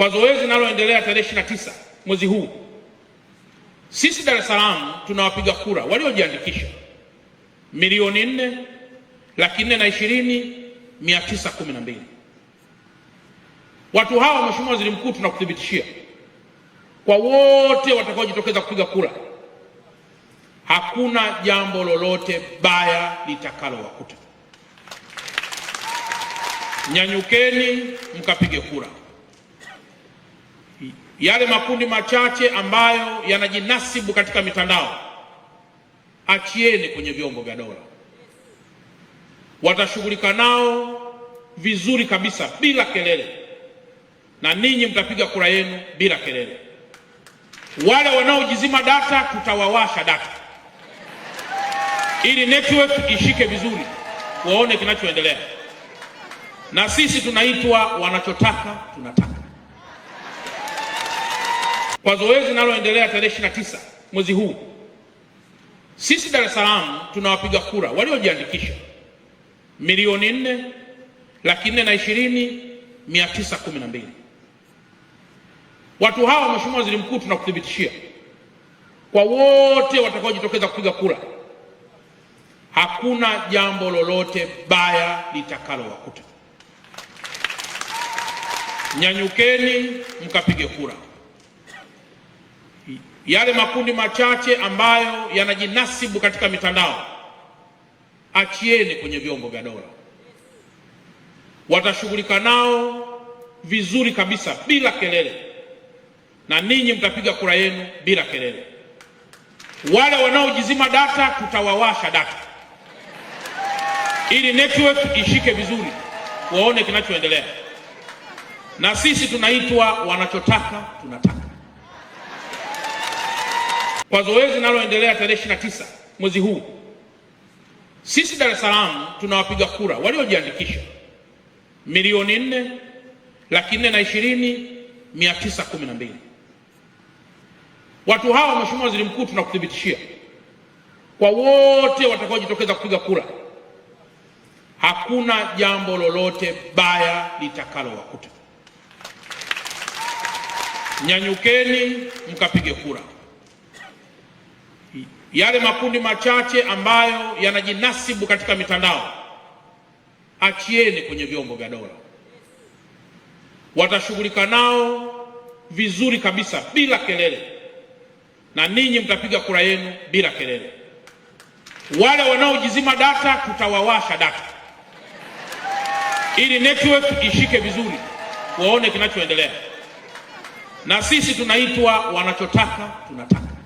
kwa zoezi linaloendelea tarehe 29 mwezi huu, sisi Dar es Salaam tunawapiga kura waliojiandikisha milioni nne laki nne na ishirini mia tisa kumi na mbili. Watu hawa Mheshimiwa Waziri Mkuu, tunakuthibitishia kwa wote watakaojitokeza kupiga kura, hakuna jambo lolote baya litakalowakuta. Nyanyukeni mkapige kura yale makundi machache ambayo yanajinasibu katika mitandao, achieni kwenye vyombo vya dola, watashughulika nao vizuri kabisa bila kelele, na ninyi mtapiga kura yenu bila kelele. Wale wanaojizima data, tutawawasha data ili network ishike vizuri, waone kinachoendelea. Na sisi tunaitwa wanachotaka tunataka. Kwa zoezi linaloendelea tarehe 29 mwezi huu, sisi Dar es Salaam tunawapiga kura waliojiandikisha milioni nne laki nne na ishirini mia tisa kumi na mbili. Watu hawa, Mheshimiwa Waziri Mkuu, tunakuthibitishia kwa wote watakaojitokeza kupiga kura, hakuna jambo lolote baya litakalowakuta. Nyanyukeni mkapige kura yale makundi machache ambayo yanajinasibu katika mitandao, achieni kwenye vyombo vya dola, watashughulika nao vizuri kabisa bila kelele, na ninyi mtapiga kura yenu bila kelele. Wale wanaojizima data, tutawawasha data ili network ishike vizuri, waone kinachoendelea. Na sisi tunaitwa wanachotaka tunataka. Kwa zoezi linaloendelea tarehe 29 mwezi huu, sisi Dar es Salaam tunawapiga kura waliojiandikisha milioni nne laki nne na ishirini mia tisa kumi na mbili. Watu hawa, Mheshimiwa Waziri Mkuu, tunakuthibitishia kwa wote watakaojitokeza kupiga kura, hakuna jambo lolote baya litakalowakuta. Nyanyukeni mkapige kura yale makundi machache ambayo yanajinasibu katika mitandao, achieni kwenye vyombo vya dola, watashughulika nao vizuri kabisa bila kelele, na ninyi mtapiga kura yenu bila kelele. Wale wanaojizima data, tutawawasha data ili network ishike vizuri, waone kinachoendelea. Na sisi tunaitwa wanachotaka tunataka.